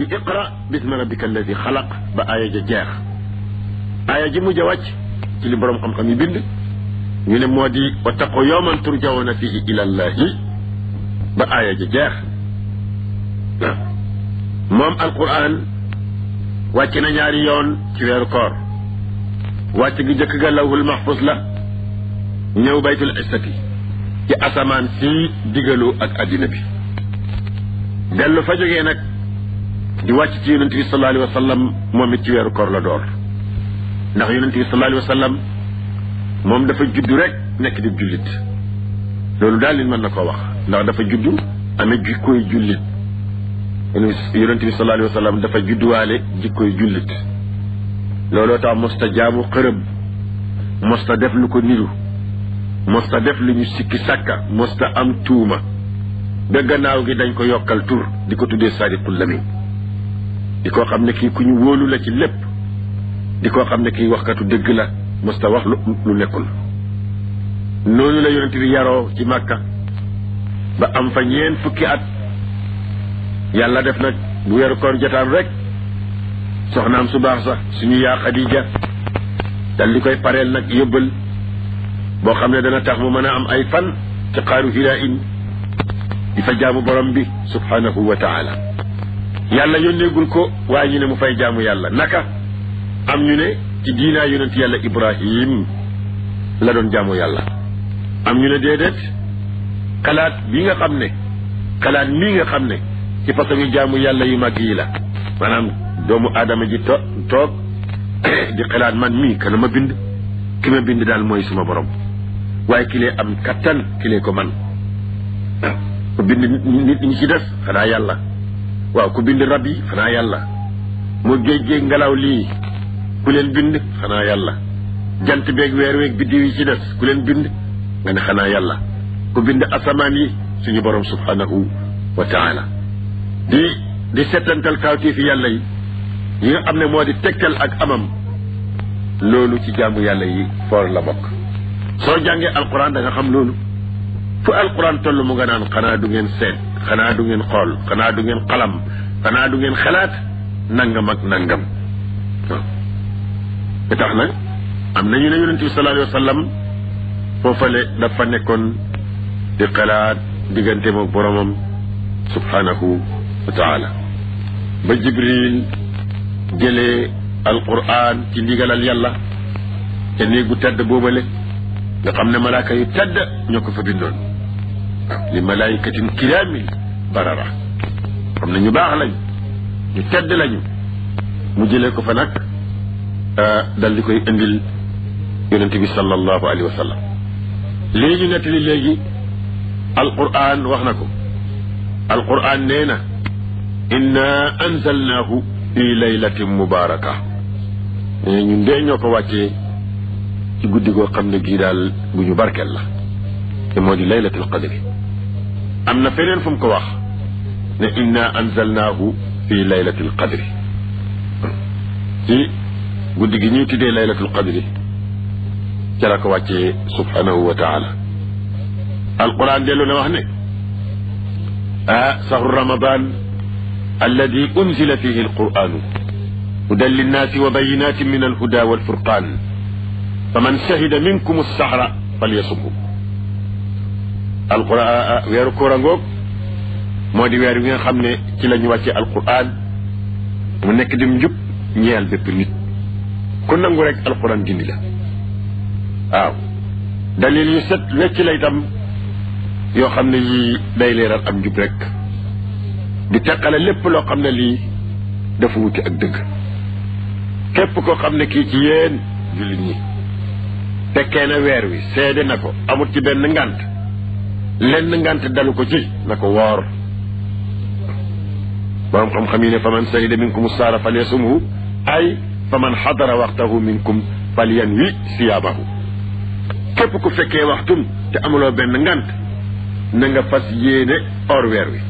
اقرا باسم ربك الذي خلق بايا جاخ ايا جيمو جواج تي لي بروم خم خمي بيند ني نه مودي واتقوا يوما ترجعون فيه الى الله بايا جاخ موم نعم. القران واتينا نياري يون تي وير كور واتي جي جك غلاو المحفوظ لا نيو بيت الاستقي تي اسمان سي ديغلو اك ادينا دلو فاجوغي نك di wàcc ci yonent bi sallallahu alayhi moom it ci weeru kor la door ndax yonent bi sallallahu alayhi wa sallam moom dafa juddu rek nekk di jullit loolu daal li mën na koo wax ndax dafa juddu amee jikkooy jullit yonent bi sallallahu alayhi wa sallam dafa judduwaale jikkooy jullit looloo tax mosta jaamu xërëb mosta def lu ko niru mosta def lu ñu sikki sàkka mosta am tuuma ba gannaaw gi dañ ko yokkal tur di ko tuddee sadiqul lamin diko xamne ki ne kii ku ñu wóolu la ci lépp diko xamne ki ne kii waxkatu la musta wax lu nekkul nonu la yonent bi yaro ci màkka ba am fa ñeen fukki at yàlla def nak bu weeru koor jotaan rek soxnaam su baax sax suñu ya khadija dal li koy pareel nag yóbbal boo xam dana tax mu mën am ay fan ci xaaru hilain di fa jaamu borom bi subhanahu wa taala yàlla yónneegul ko waaye ñu ne mu fay jaamu yàlla naka am ñu ne ci diinaa yonent yàlla ibrahim la doon jaamu yàlla am ñu ne déedéet xalaat bi nga xam ne xalaat mii nga xam ne ci façon jaamu yàlla yu mag yi la maanaam doomu aadama ji to toog di xalaat man mii kana ma bind ki ma bind daal mooy suma borom waaye kile am kattan kile ko man waaw ah, bind nit ñi ci des xanaa yàlla waaw ku bind rab yi xanaa yàlla mu géej géej ngelaw lii ku leen bind xanaa yàlla jant beeg weer weeg biddiw yi ci des ku leen bind nga ne xanaa yàlla ku bind asamaan yi suñu borom subhanahu wa taala di di settantal kawtiifi yàlla yi yi nga xam ne moo di tegtal ak amam loolu ci jàmm yàlla yi foor la bokk soo jàngee alquran da xam loolu fu alquran toll mu nga naan xanaa du ngeen seet xanaa du ngeen xool xanaa du ngeen xalam xanaa du ngeen xalaat nangam ak nangam waaw ba tax na am nañu ne yonente bi sallallahu alayhi foofale dafa nekkoon di xalaat diggante moog boromam subhanahu wa taala ba jibril jëlee alquran ci ndigalal yàlla te néegu tedd boobale nga xam ne malaaka yu tedd ñoo ko fa bindoon لملائكة كرام بررة كم نيو باخ لاي ني تيد لاي مو جيلي كو فناك ا دال ديكوي انديل يونتي بي صلى الله عليه وسلم لي ني نتي لي القران واخناكم القران نينا انا انزلناه في ليله مباركه ني ني ندي نيوكو واتي سي غودي غو خامني جي دال بو نيو باركل لا مودي ليله القدر am na feneen fu mu ko wax ne inna anzalnaahu fi laylatil qadri ci guddi gi ñuy tuddee laylatul qadri ca la ko wàccee subhanahu wa taala alquran dellu na wax ne ah sahru ramadan alladi unzila fihi alquranu hudan linnaasi wa bayinatin min alhuda walfurqan faman shahida minkum alsahra falyasumhu alquran ah, ah, weeru koor a ngoog moo di weer wi nga xam ne ci la ci wàccee alquran mu nekk dim njub ñeel bépp nit ku nangu rek alquran gindi la waaw dalil yu set wecc la itam yoo xam ne yii day leeral am njub rek di teqale lépp loo xam ne lii dafa wuti ak dëgg képp koo xam ne kii ci yéen jullit ñi tekkee na weer wi seede na ko amut ci benn ngànt lenn ngant dalu ko ci na ko woor borom xam-xam yi ne fa man sayida minkum saara falyasumhu ay fa man xadara waxtahu minkum falyanwi siyaabahu képp ku fekkee waxtum te amuloo benn ngant na nga fas yéene or weer wi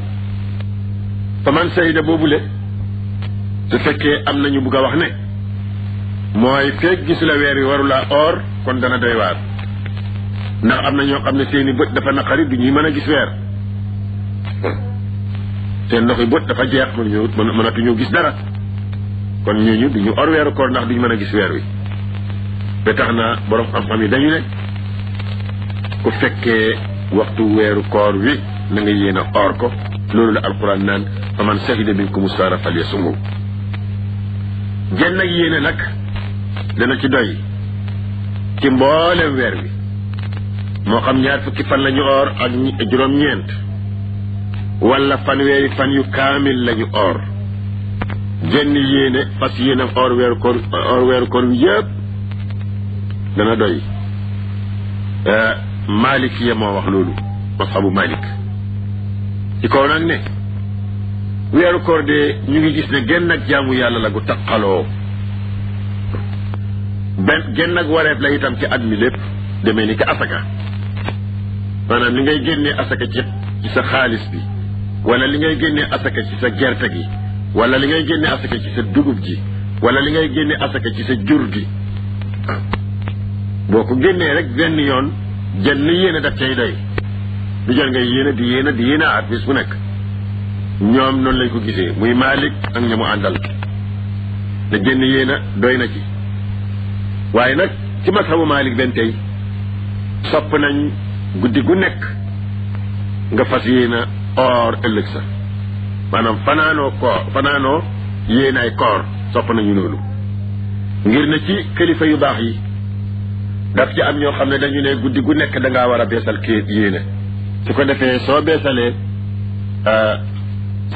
fa man sayida boobule su fekkee am nañu bugg a wax ne mooy feeg gisula weer wi warula or kon dana doy waar ndax am na ñoo xam ne seen i bët dafa naqari bu ñuy mën a gis weer hmm. seen loxo bët dafa jeex mënuñu mënatuñu gis dara kon ñooñu du weeru koor ndax duñu mën a gis weer wi ba tax na borom xam-xam yi dañu ne ku fekkee waxtu weeru koor wi na nga yéen or ko loolu la alquran naan faman shahida minkum sara falyasumhu jenn ak yéene nag dana ci doy ci mboolem weer wi moo xam ñaar fukki fan la ñu oor ak juróom-ñeent wala fanweeri fan yu kaamil lañu oor jenn yéene fas yéene oor weeru koor oor weeru koor wi yëpp dana doy euh, Malik ya wax loolu mashabu Malik ci kaw nag ne weeru koor de ñu ngi gis ne genn ak jaamu yàlla la gu taqaloo benn genn ak wareef la itam ci at mi lépp deme ni ka asaka maanaam li ngay génnee asaka ci ci sa xaalis bi wala li ngay génnee asaka ci sa gerte gi wala li ngay génnee asaka ci sa dugub ji wala li ngay génnee asaka ci sa jur gi ah. boo ko génnee rek benn yoon jenn yéene daf cay doy du jël ngay yéene di yéene di yéene at bis bu nekk ñoom noonu lañ ko gisee muy Malik ak ñamu Andal àndal te jenn yéene doy na ci waaye nag ci masabu Malik benn tey sopp nañ guddi gu nekk nga fas yéena or ëllëg sa maanaam fanaanoo koor fanaanoo yéenaay koor sopp nañu loolu ngir na ci kilifa yu baax yi daf ci am ñoo xam ne dañu ne guddi gu nekk da ngaa war a beesal kii yéene su ko defee soo beesalee euh,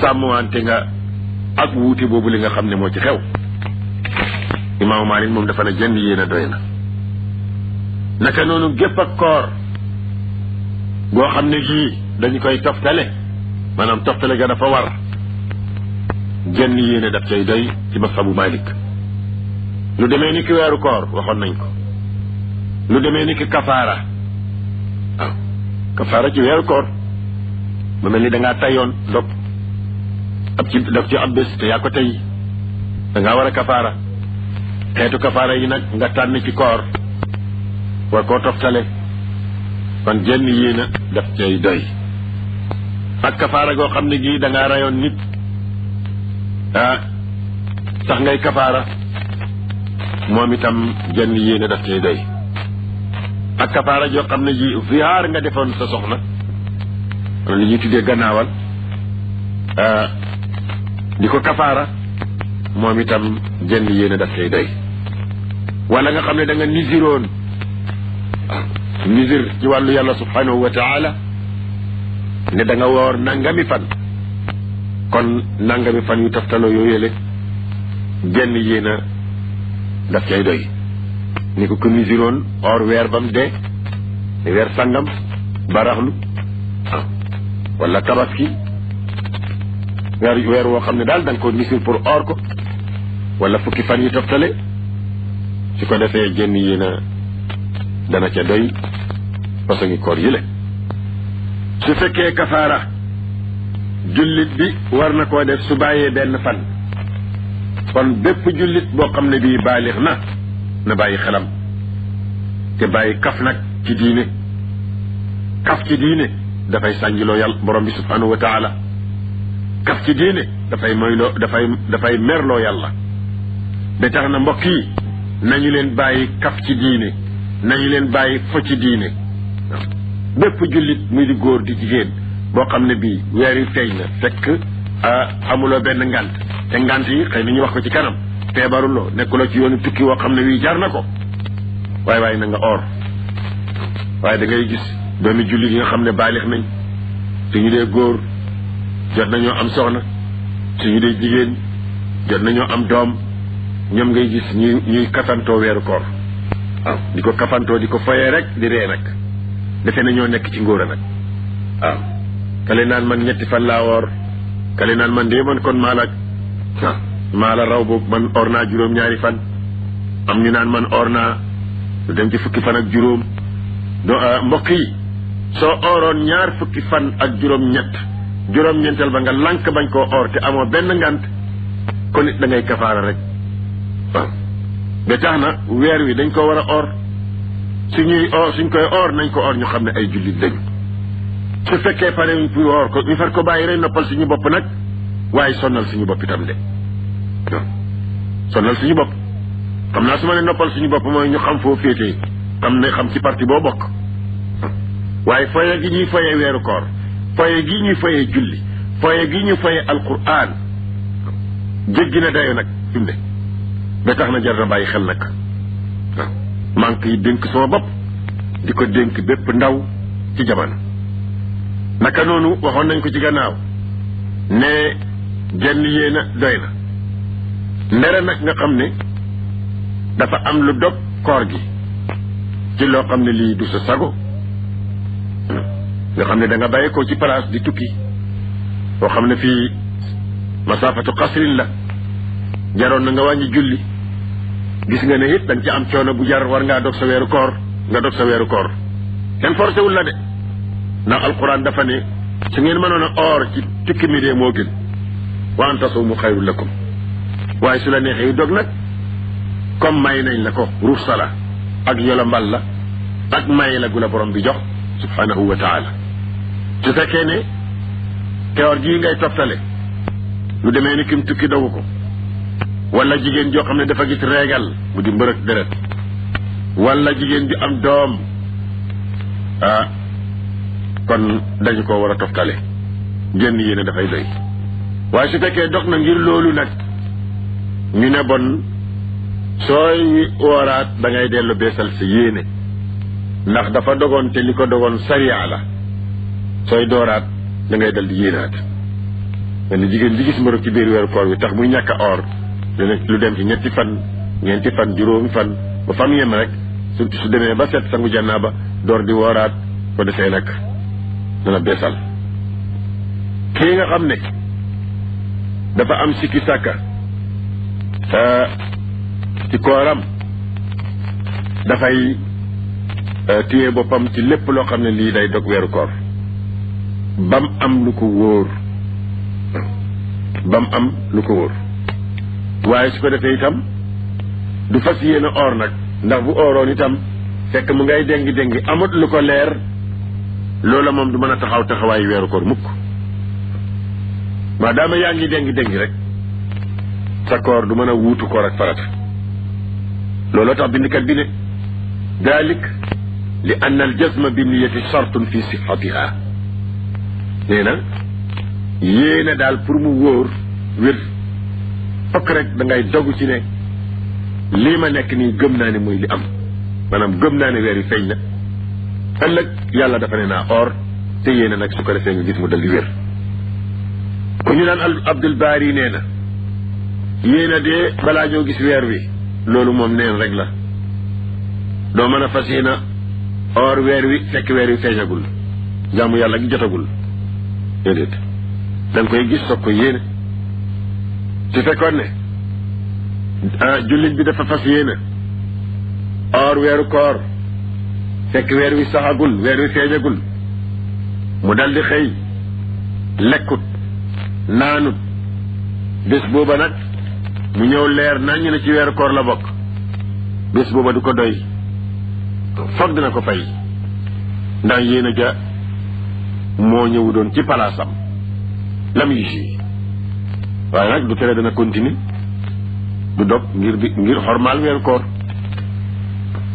sàmmwante nga ak wuute boobu li nga xam ne moo ci xew imaamu Maalik moom dafa ne jenn yéene doy na naka noonu gépp ak koor boo xam ne gii dañ koy toftale maanaam toftale ga dafa war genn yéene daf cay doy ci masabu Malik lu demee ni ki weeru koor waxoon nañ ko lu demee ni ki kafaara waaw kafaara ci weeru koor mu mel ni dangaa tayoon dog ab ci dog ci ab bés te yaa ko tey dangaa war a kafaara xeetu kafaara yi nag nga tànn ci koor war koo toftale kon jenn yii na daf cay doy ak kafaara goo xam ne gi dangaa rayoon nit ah tax ngay kafaara moom itam jenn yii na daf cay doy ak kafaara joo xam ne ji ziar nga defoon sa soxna li ñuy tuddee gannaawal ah, di ko kafaara moom itam jenn yéene daf cay doy wala nga xam ne danga nga misir ci wàllu yàlla subhanahu wa taala ne da nga woor nangami fan kon nangami fan yu taftaloo yoo yële genn yéena daf cay doy ni ko ko misiroon or weer bam dee ne weer sangam baraxlu ah wala tabaski weer weer woo xam ne daal da nga ko misir pour or ko wala fukki fan yu toftale su ko defee genn yéena dana ca doy parce que koor yi su fekkee kafaara jullit bi war na koo def su bàyyee benn fan kon bépp jullit boo xam ne bii baalix na na bàyyi xelam te bàyyi kaf nag ci diine kaf ci diine dafay sànjiloo yàlla borom bi subhanahu wa kaf ci diine dafay moyloo dafay dafay merloo yàlla ba na mbokk yi nañu leen bàyyi kaf ci diine nañu leen bàyyi fo ci diine bépp jullit muy di góor di jigéen boo xam ne bii weer yi feeñ na fekk amuloo benn ngant te ngant yi xëy na wax ko ci kanam feebaruloo nekkuloo ci yoonu tukki woo xam ne wii jar na ko waaye waaye na nga waaye dangay ngay gis doomi jullit yi nga xam ne baalix nañ suñu dee góor jot nañoo am soxna suñu dee jigéen jot nañoo am doom ñoom ngay gis ñuy ñuy kasantoo weeru koor waaw di ko kafantoo di ko fayee rek di ree rek defe na ñoo nekk ci nag waaw kale naan man ñetti fan laa woor kale naan man dee man kon malak, waaw maala raw man orna naa juróom ñaari fan am ñu naan man orna, naa lu dem ci fukki fan ak juróom do ah, mbokk yi soo ooroon ñaar fukki fan ak juróom ñett juróom ñeenteel ba nga lank bañ koo or te amoo benn ngant kon it da ngay kafaara rek waaw ba tax na weer wi dañ ko war a or suñuy or suñ koy or nañ ko or ñu xam ne ay jullit lañ su fekkee pare ñu pour or ko ñu far ko bàyyi rek noppal suñu bopp nag waaye sonnal suñu bopp itam de sonnal suñu bopp xam naa su ma ne noppal suñu bopp mooy ñu xam foo féetee xam ne xam ci parti boo bokk waaye foye gi ñuy foye weeru koor foye gi ñuy foye julli foye gi ñu foye alquran jéggi na dayo nag fi mu ne ba tax na jar na bàyyi xel nag waaw maa ngi koy dénk sama bopp di ko dénk bépp ndaw ci jamono naka noonu waxoon nañ ko ci gannaaw ne genn yéena doy na ndere nag nga xam ne dafa am lu dog koor gi ci loo xam ne lii du sa sago nga xam ne danga nga bàyyi ko ci place di tukki boo xam ne fii masaafatu xasrin la jaroon na nga wàññi julli gis nga ne it da nga ci am coono bu jar war ngaa dog sa weeru koor nga dog sa weeru koor kenn forcé wul la de ndax alquran dafa ne su ngeen mënoon a ci tukki mi dee moo gën wa an tasumu xayrul lakum waaye su la neexee dog nag comme may nañ la ko ruuf ak yolombal la ak may la gu la borom bi jox subhanahu wa taala su fekkee ne teewar gii ngay toftale lu demee ni kim tukki dogu ko wala jigen jo xamne dafa gis regal bu di mbeureuk deret wala jigen ju am dom ah kon dañ ko wara toftale genn yene da fay doy wa su fekke dox na ngir loolu nak ñu ne bon sooy warat da ngay delu besal ci yene ndax dafa dogon te liko dogon sharia la soy dorat da ngay dal di yéenaat nga ne jigéen li gis mbeureuk ci biir wer koor bi tax muy ñaka or dana lu dem ci ñetti fan ñeenti fan juróomi fan ba fam yem rek su su demee ba set sangu jannaaba door di wooraat ko defee nag dana beesal kii nga xam dafa am sikki sàkka ci kooram dafay e, téye boppam ci lépp loo xam ne lii day dog weeru koor bam am lu ko wóor bam am lu ko wóor waaye su ko defee itam du fas yéene or nag ndax bu ooroon itam fekk mu ngay déngi déng amut lu ko leer loola moom du mën a taxaw taxawaayu weeru koor mukk maadaama yaa ngi déngi déngi rek sa koor du mën a wuutu ko rek farata looloo tax bindkat bi ne daalik li anna al jazma bi niyati shartun fi sixatiha nee na yéene daal pour mu wóor wér fokk rek da ngay dogu ci ne lii ma nekk nii gëm naa ni muy li am maanaam gëm naa ne weer yi feeñ na ëllëg yàlla dafa ne naa or te yéene nag su ko defee nga gis mu dal di wér ku ñu naan Abdul Baari nee na yéene dee balaa ñoo gis weer wi loolu moom neen rek la doo mën a fas yéene or weer wi fekk weer wi feeñagul jaamu yàlla jotagul déedéet koy gis soog ko yéene su fekkoon ne ah, jullit bi dafa fas yéene or weeru koor fekk weer wi saxagul weer wi feeñagul mu dal di xëy lekkut naanut bés booba nag mu ñëw leer nañu ne ci weeru koor la bokk bés booba du ko doy foog dina ko fay ndax yéen a ja moo ñëwu doon ci palaasam lam yi waaye nag du tere dana continuer du dog ngir di ngir xormaal weeru koor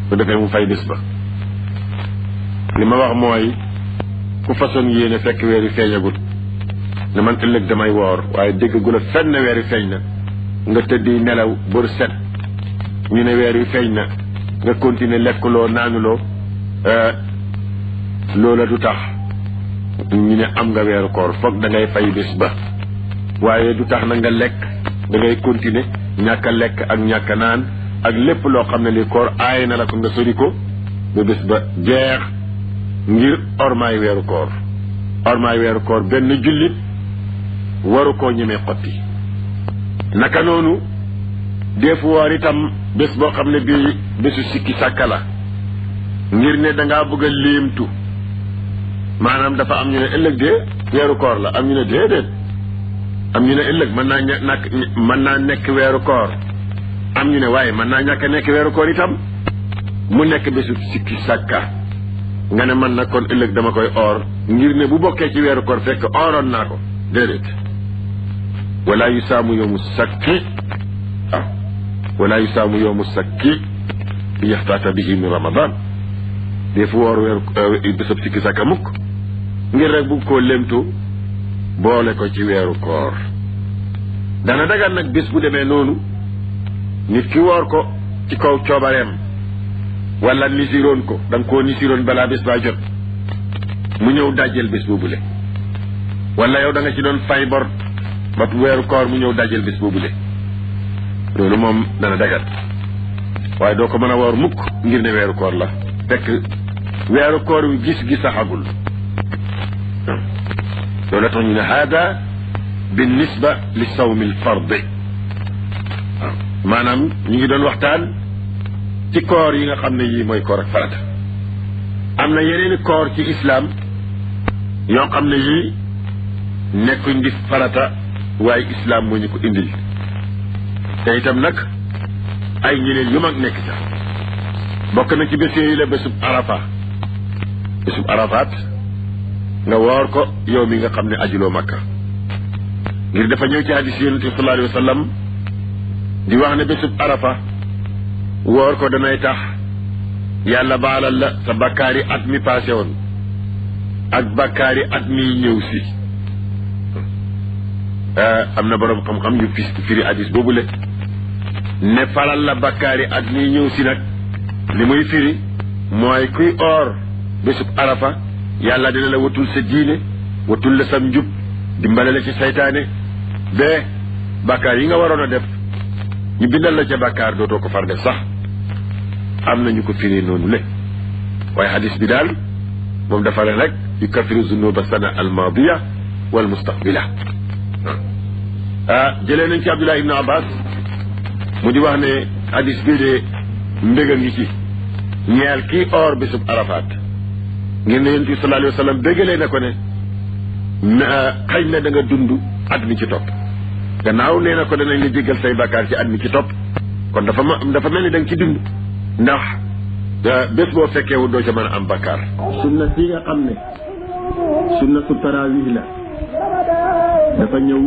bu defee mu fay bis ba li ma wax mooy ku façon yéene fekk weer yi feeñagut ne man ëllëg damay woor waaye dégg gu la fenn weer yi feeñ na nga tëddi nelaw bër set ñu ne weer yi feeñ na nga continuer lekkuloo naanuloo eh, loola du tax ñu ne am nga weeru koor foog da fay bis ba waaye du tax na nga lekk da ngay continuer ñàkk lekk ak ñàkk naan ak lépp loo xam ne li koor aaye na la ko nga sori ko ba bés ba jeex ngir ormaay weeru koor ormaay weeru koor benn jullit waru koo ñemee xotti naka noonu deefu woor itam bés boo xam ne bii bésu sikki sàkka la ngir ne dangaa bëgg a léemtu maanaam dafa am ñu ne ëllëg de weeru koor la am ñu ne déedéet am ñu ne ëllëg mën naa ñàkk mën naa nekk weeru koor am ñu ne waaye mën naa ñàkk nekk weeru koor itam mu nekk bésu sikki sàkka nga ne man nag koon ëllëg dama koy or ngir ne bu bokkee ci weeru koor fekk oroon naa ko déedéet wala yu saamu yoomu sakki ah. waaw yu saamu yoomu sakki bi yaxtaata bihi min ramadan dee fu woor weeru euh, bésab sikki sàkka mukk ngir rek bu ko lemtu boole ko ci weeru koor dana dagan nag bis bu demee noonu nit ki woor ko ci kaw coobareem wala nisiroon ko da ko koo nisiroon balaa bés baa jot mu ñëw dajjel bés boobule wala yow danga ci doon fay bor ba weeru koor mu ñëw dajjel bés boobule loolu moom dana dagan waaye doo ko mën a woor mukk ngir ne weeru koor la fekk weeru koor wi gis-gis saxagul ولكن هذا بالنسبة للصوم الفرض آه. معنى نيجي دون وقتان تكوري نقم نيجي موي كورك فرد أمنا يرين كور في إسلام يقم نيجي نكون دي فرد واي إسلام مو نيكو إندل تيتم نك أي نيلي يمك نكتا بكنا كي بسيري لبسوب عرفة بسوب عرفات nga woor ko yow mi nga xam ne ajuloo makka ngir dafa ñëw ci hadis yonent bi sallallahu alayhi wa sallam di wax ne bésub arafa woor ko danay tax yàlla baalal la sa bakkaari at mi passé woon ak bakkaari at mi ñëw si eh, am na boroom xam-xam yu fis firi hadis boobu le ne faral la bakkaari at mi ñëw si nag li muy firi mooy kuy oor bésub arafa yàlla dina la watul sa diine watul la sam njub dimbale la ci saytaane bee bàkkaar yi nga waroon a def ñu bindal la ca bàkkaar dootoo ko far def sax am nañu ko firi noonu le waaye hadis bi daal moom dafa ne rek yu kafiru zunuba sana almadiya wal mustaqbila ah jëlee nañ ci abdullah ibnu abbas mu di wax ne hadis bii de mbéga ngi ci ñeel kii or bisub arafaat ngir ne yonent bi sallallahu alayhi wa sallam béggalee na ko ne xëy na da nga dund at mi ci topp gannaaw nee na ko danañ la jéggal say bàkkaar ci at mi ci topp kon dafa ma dafa mel ni da nga ci dund ndax bés boo fekkeewu doo ca mën a am bàkkaar sunna si nga xam ne sunna su tarawih la dafa ñëw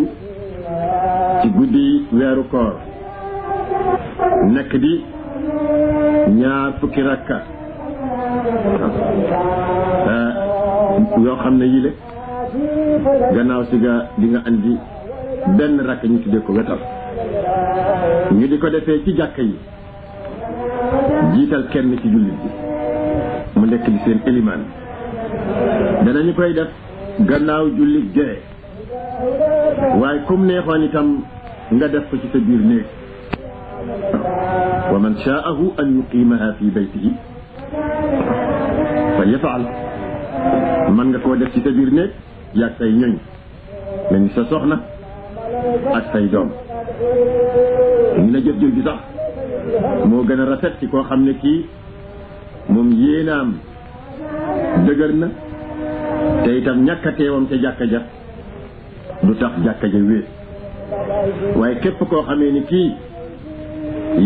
ci guddi weeru koor nekk di ñaar fukki rakka Ah, yoo xam ne yii le gannaaw si nga di nga benn rakk ñu tuddee ko wetal ñu di ko defee ci jàkka yi jiital kenn ci jullit bi mu nekk di seen élimaan ñu koy def gannaaw jullit gee waaye comme neexoon itam nga def ko ci sa biir néeg wa man shaahu an yuqimaha fi baytihi an yafaal mën nga koo def ci sa biir néeg yàgg say ñoñ mel sa soxna ak say doom ñu ne jëf jëf ji sax moo gën a rafet ci koo xam ne kii moom yéenaam dëgër na te itam ñàkk a teewam ca jàkka ja du tax jàkka ja wéet waaye képp koo xamee ni kii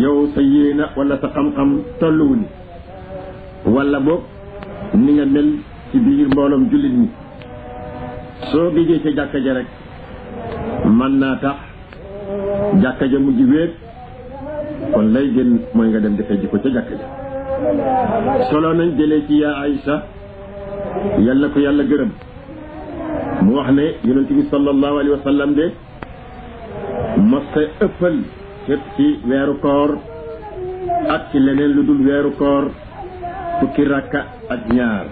yow sa yéena wala sa xam-xam tolluwu ni wala boog ni nga mel ci biir mbooloom jullit ñi soo géejee ca jàkka ja rek man naa tax jàkka ja mujj wéet kon lay gën mooy nga dem defee ji ko ca jàkka ja solo nañ jële ci yaa Aïcha yàlla ko yàlla gërëm mu wax ne yonent bi sallallahu alayhi wa sallam de masta ëppal képp ci weeru koor ak ci leneen lu dul weeru koor fukki rakka ak ñaar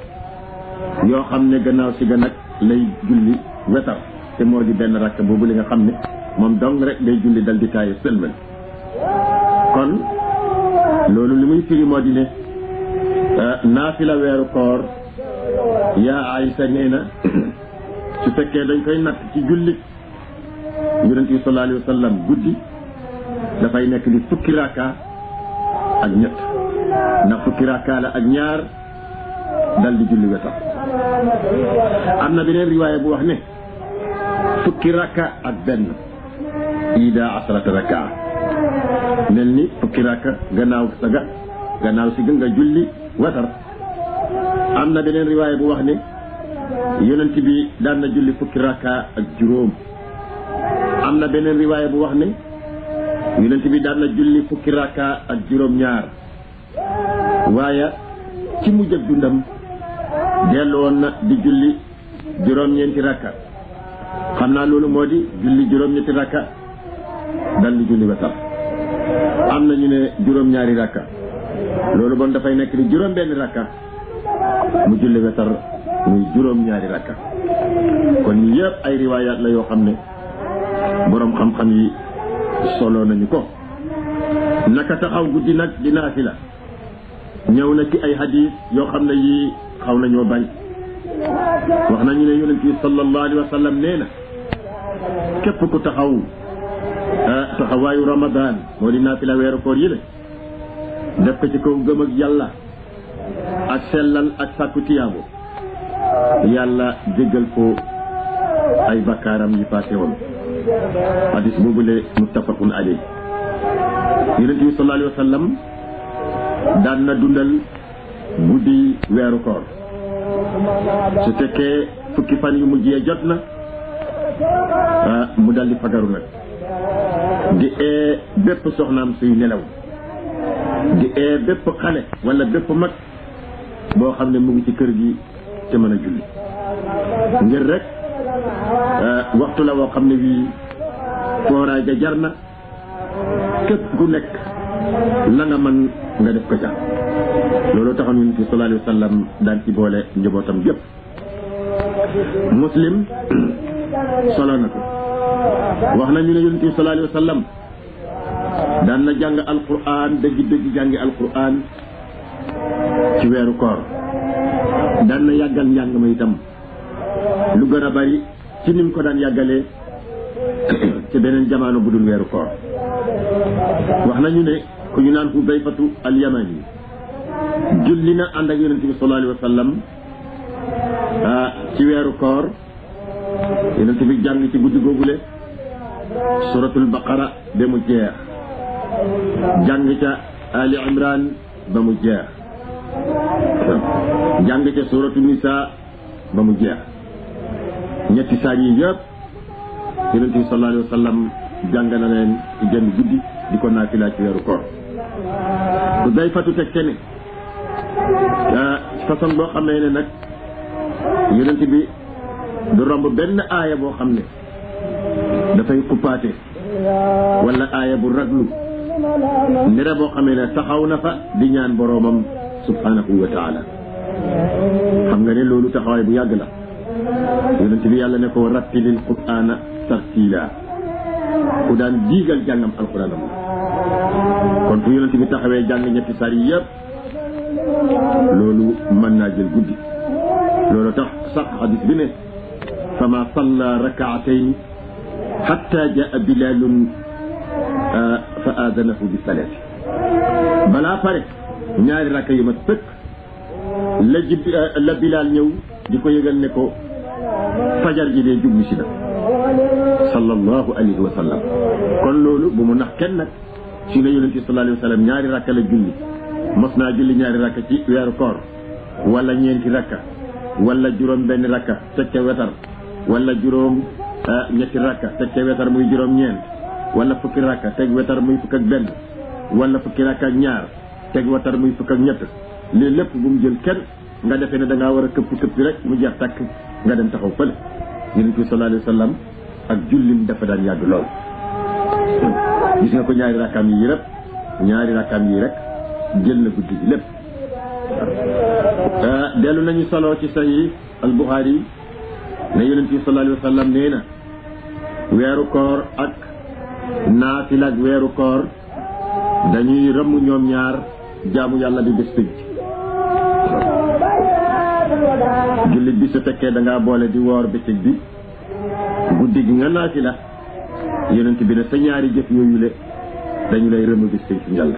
yoo xam ne gannaaw si ga nag lay julli wetar te moo di benn rakka boobu li nga xam ne moom dong rek day julli dal di taayu sëlmal kon loolu li muy firi moo di ne euh, naafila weeru koor yaa Aysa nee na su fekkee dañ koy natt ci jullit yonent bi sallallahu alayhi wa sallam guddi dafay nekk li fukki rakka ak ñett na fukki rakala ak ñaar dal di julli wetam Amna benen beneen riwaaya bu wax ne fukki rakka ak ben ida asrata rakka melni fukki rakka gannaaw saga gannaaw si nga julli wetar amna benen riwaya bu wax ne yonenti bi dal na julli fukki rakka ak juroom amna benen riwaya bu wax ne yonenti bi dal na julli fukki rakka ak juroom ñaar waaye ci mujj ak dundam dellu woon na di julli juróom-ñeenti rakka xam naa loolu moo di julli juróom-ñeenti rakka dal di julli ba am na ñu ne juróom-ñaari rakka loolu bon dafay nekk ni juróom-benn rakka mu julli wetar muy juróom-ñaari rakka kon yëpp ay riwaayaat la yoo xam ne boroom xam-xam yi solo nañu ko naka taxaw guddi nag di la ñëw na ci ay hadis yoo xam ne yii xaw nañoo bañ wax nañu ne yonent bi sallallahu alayhi wa sallam nee na képp ku taxaw ah, taxawaayu ramadan moo di naafila weeru koor yi la def ko ci kaw gëm ak yàlla ak sellal ak sàkku tiyaabo yàlla jéggal ko ay bakkaaram yi paase woon hadis boobule muttafaqun alayh yonent bi sallallahu alayhi wa daan na dundal guddi weeru koor su fekkee fukki fan yu mujj yee jot na ah, mu daldi fagaru nag di ee bépp soxnaam suy nelaw di ee bépp xale wala bépp mag boo xam ne mu ngi ci kër gi te mën a julli ngir rek ah, waxtu la woo xam ne wii kooraay ga jar na képp ku nekk la nga man nga def ko ca loolu taxoon ñun ci sallallahu alayhi wasallam daan ci boole njabootam yépp muslim solo na ko wax nañu ne yonent bi sallallahu alayhi wasallam daan na jàng alquran dëgg dëgg jàngi alquran ci weeru koor daan na yàggal njàng ma itam lu gën a bari ci nim ko daan yàggalee ci beneen jamaano bu dul weeru koor wax nañu ne ku ñu naan Hudayfatu al-Yamani julli na ànd ak yonente bi sallallahu alayhi wa ah, ci weeru koor yonente bi jàng ci guddi googule suratul baqara ba mu jeex jàng ca ali imran ba mu jeex jàng ca suratu nisa ba mu jeex ñetti saar yi yëpp yonente bi sallallahu alayhi wa jàng na leen ci genn guddi di ko naafila ci weeru bu day fatu teg te ne façon boo xamee ne nag yonent bi du romb benn aaya boo xam ne dafay kuppaate wala aaya bu raglu nira boo xamee ne taxaw na fa di ñaan boroomam subhanahu wa taala xam nga ne loolu taxawaay bu yàgg la yonent bi yàlla ne ko rattilil qur'ana tartila ku daan diigal jàngam alxuraanam kon bu yonent bi taxawee jàng ñetti saar yi loolu mën naa jël guddi loolu tax sax hadis fama salla rakaatayn xatta jaa bilalun fa aadanahu bi salaati balaa pare ñaari rakka yu ma tëkk la bilaal ñëw di ko yëgal ne ko fajar gi dee jublu si na sallallahu alayhi wa sallam kon loolu bu mu nax kenn nag ci la yonent bi sallallahu alayhi ñaari rakka la julli mos naa julli ñaari rakka ci weeru koor wala ñeenti rakka wala juróom benn rakka teg wetar wala juróom ah, ñetti rakka teg ca wetar muy juróom ñeent wala fukki rakka teg wetar muy fukk ak benn wala fukki rakka ak ñaar teg wetar muy fukk ak ñett lii lépp bu mu jël kenn nga defee ne danga ngaa war a këpp këpp rek mu jeex tàkk nga dem taxaw fële yonent bi sallallahu ak jullim dafa daan yàgg lool gis nga ko ñaari rakkaam yi yëpp ñaari yi rek jël na guddi gi lépp ah, dellu nañu solo ci sahih al buxaari ne yonent bi nee na weeru koor ak naafila ak weeru koor dañuy rëmm ñoom ñaar jaamu yàlla bi bés pénc jullit bi su fekkee da ngaa boole di woor bëccëg bi guddi gi nga naati la yonent bi ne sa ñaari jëf yooyu le dañu lay rëmu bis ci njàll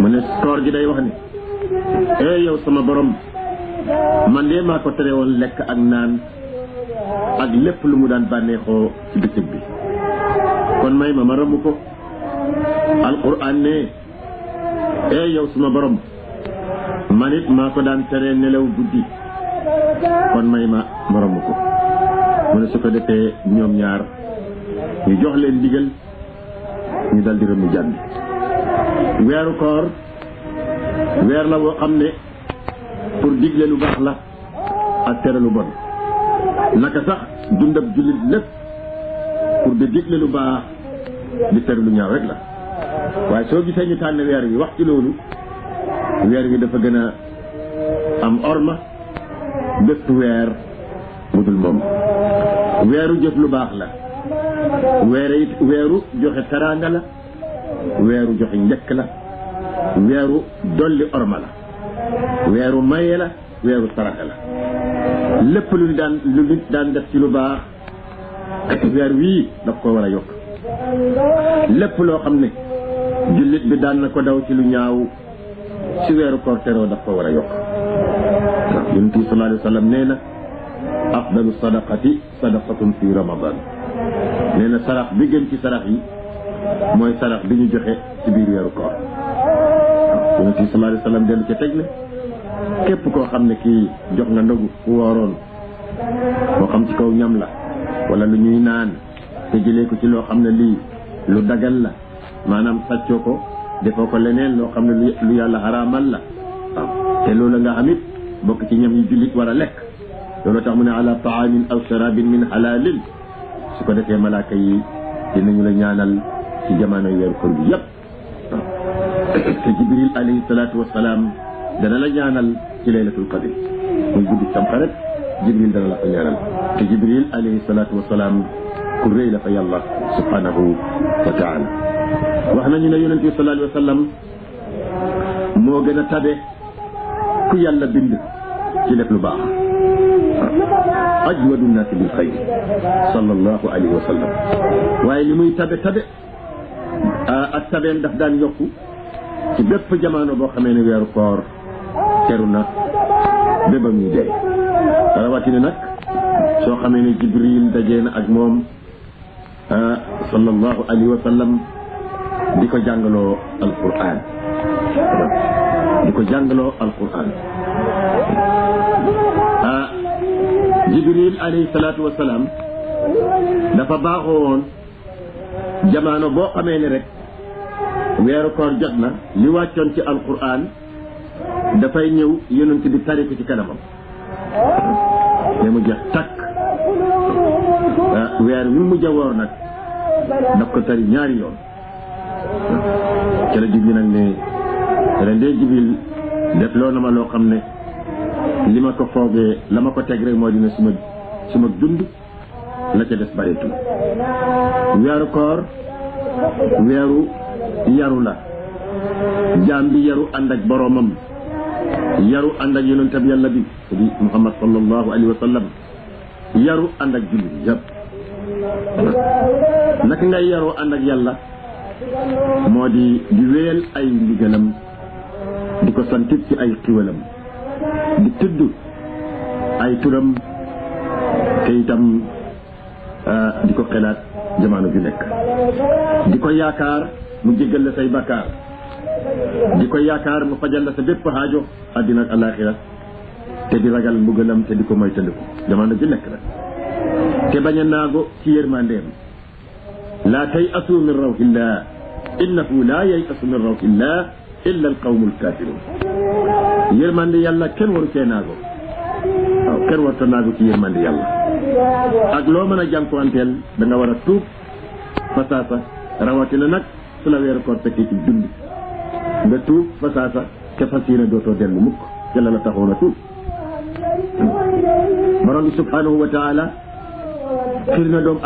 mu ne koor gi day wax ni eh yow sama borom man de maa ko tere woon lekk ak naan ak lépp lu mu daan bànneexoo ci bëccëg bi kon may ma ma rëmu ko alquran ne eh yow sama borom man it maa ko daan teree nelaw guddi kon may ma moromu ko mu ne su ko defee ñoom ñaar ñu jox leen diggal ñu dal di rëmmu jàmm weeru koor weer la woo xam ne pour digle lu baax la ak tere lu bon naka sax dundab jullit lépp pour di digle lu baax di tere lu ñaaw rek la waaye soo gisee ñu tànn weer bi wax ci loolu weer wi dafa gën a am orma bépp weer bu dul moom weeru jëf lu baax la weere it weeru joxe taraanga la weeru joxe njëkk la weeru dolli orma la weeru maye la weeru saraxa la lépp lu daan lu nit daan def ci lu baax weer wii daf ko war a yokk lépp loo xam ne jullit bi daan na ko daw ci lu ñaaw ci weeru koor teroo daf ko war a yokk waaw yonent bi sallallahu alayhi wa sallam nee na afdalu sadaqati sadaqatun fi ramadan nee sarax bi gën ci sarax yi mooy sarax bi ñu joxe ci biir weeru koor waaw yonent bi sallallahu alayhi wa dellu ca teg ne képp koo xam ne kii jox nga ndogu ku wooroon moo xam ci kaw ñam la wala lu ñuy naan te jëlee ko ci loo xam ne lii lu dagal la maanaam sàccoo ko defoo ko leneen loo xam ne lu yàlla xaraamal la waaw te loolu nga xamit bokk ci ñam yi jullit war a lekk loolu tax mu ne ala taamin aw sharabin min halalin su ko defee malaaka yi dinañu la ñaanal ci jamono weeru koor bi yépp te jibril alayhi salatu wasalaam dana la ñaanal ci laylatul qadr muy guddi tam xaret jibril dana la ko ñaanal te jibril alayhi salatu wasalaam ku rëy la fa yàlla subhanahu wa taala wax nañu ne yonente bi sallallahu alayhi wa sallam moo gën a tabe ku yàlla bind ci def lu baax ajwadu nnaasi bil xayr sallallahu alayhi wa sallam waaye li muy tabe tabe ak tabeem daf daan yokku ci bépp jamono boo xamee ne weeru koor teru na béba muy dee rawatina nag soo xamee ne jibril dajee na ak moom sallallahu alayhi wa sallam di ko jàngaloo alquran di ko jàngaloo alquran ah jibril alayhi salaatu wa salaam dafa baaxoo woon jamaano boo xamee ne rek weeru koor jot na li wàccoon ci alquran dafay ñëw yonent bi tari ci kanamam mais mu jeex takk ah, weer wi mu jawoor nag daf ko tari ñaari yoon ca la jublu nag ne ren dee jibil def loo na ma loo xam ne li ma ko foogee la ma ko teg rek moo dina suma suma dund la ca des bareetul weeru koor weeru yaru la jaam bi yaru ànd ak boroomam yaru ànd ak yonentam yàlla bi di muhammad sallallahu alayhi wa yaru ànd ak jullit yëpp naka ngay yaroo ànd ak yàlla moo di di wéyal ay ndigalam di ko santit ci ay xiwalam di tudd ay turam te itam ah, di ko xelaat jamono ju nekk di ko yaakaar mu jéggal la say bakkaar di ko yaakaar mu fajal la sa bépp xaajo àddina ak alaaxira te di ragal mbugalam te di ko moytandiku jamono ju nekk nag te bañ a naago ci yërmandeem لا تيأسوا من روح الله إنه لا ييأس من روح الله إلا القوم الكافرون يرمان دي الله كن ورسي ناغو أو كن ورسي ناغو كي يرمان دي يلا أقلو من أجانكو أنتل دنا ورا توب فساسا رواتنا نك سلا وير كورتكي في الدنيا nga tuub fa saasa te fas yéene dootoo dellu mukk yàlla la taxoon a tuub borom bi subhanahu wa taala fir na doom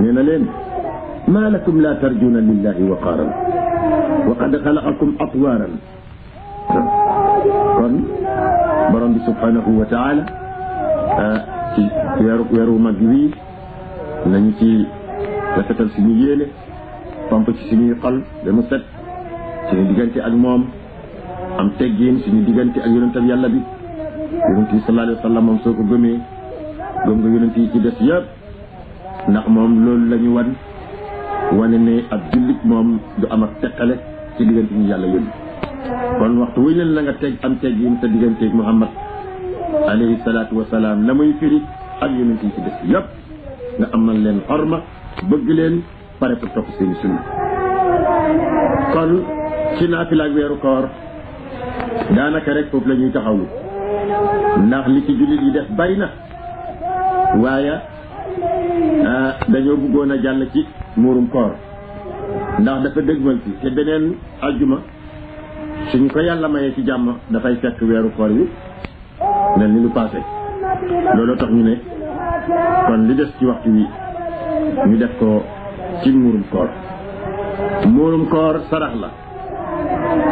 nee na leen maa lakum laa tarjuuna lillahi waqaaran wa qad xalaqakum atwaaran kon borom bi subhanahu wa taala ah, ci weeru weeru mag wii nañu ci rafetal suñu yéene pomp ci suñuy xol ba mu set suñu diggante ak moom am teggin suñu diggante ak yonentab yàlla bi yonent bi sallallahu alayhi wa sallam moom soo ko gëmee gëm nga yonent yi ci des yëpp ndax moom loolu la ñu wan wane ne ab jullit moom du am ak teqale ci diggante ñu yàlla yónni kon waxtu wuy leen la nga teg am teg yin sa digganteeg Muhammad alayhi salaatu wa salaam la muy firi ak yonent yi ci des yëpp nga amal leen xorma bëgg leen pare pour topp seeni sunna kon ci naafila weeru koor daanaka rek foofu la ñuy ndax li ci jullit yi def bari na waaye Ah, dañoo bëggoon a jàll ci muurum koor ndax dafa dëgmal si te beneen ajjuma suñ ko yàlla mayee ci jàmm dafay fekk weeru koor yi mel ni lu paase looloo tax ñu ne kon li des ci waxtu wi ñu def ko ci muurum koor muurum koor sarax la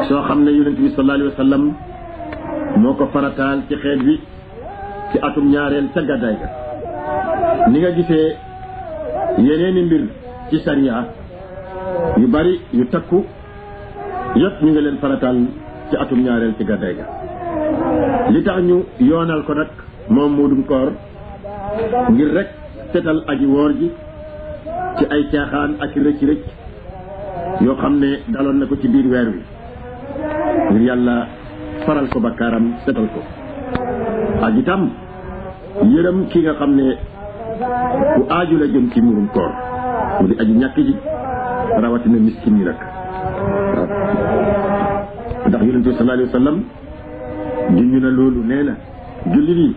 soo xam ne yonent bi sallallahu alayhi moo ko farataal ci xeet wi ci atum ñaareel ca gàddaay ga ni nga gisee yeneeni mbir ci sariya yu bari yu takku yëpp ñu ngi leen faratal ci atum ñaareel ci gàddaay ga li tax ñu yoonal ko nag moom muudum koor ngir rek setal aji woor ji ci ay caaxaan ak rëcc rëcc yoo xam ne daloon na ko ci biir weer wi ngir yàlla faral ko ba bakkaaram setal ko ak itam yërëm ki nga xam ne bu aaju la jëm ci mbirum koor mu di aju ñàkk ji rawatina miskin yi nag waaw ndax yonent bi sallallahu alayhi wa sallam loolu nee na jullit yi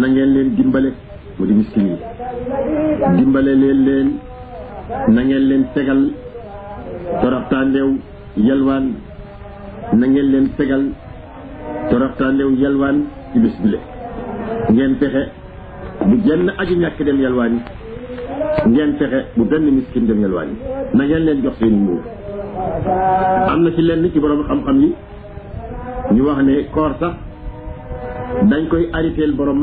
na ngeen leen dimbale mu di miskin yi dimbale leen leen na ngeen leen tegal toroxtaandew yalwaan na ngeen leen tegal toroxtaandew yalwaan ci bis bile ngeen fexe bu jenn aji ñàkk dem yalwaani ngeen fexe bu benn miskin dem yalwaani na ngeen leen jox seen muur am na ci lenn ci boroom xam-xam yi ñu wax ni koor sax dañ koy ariteel boroom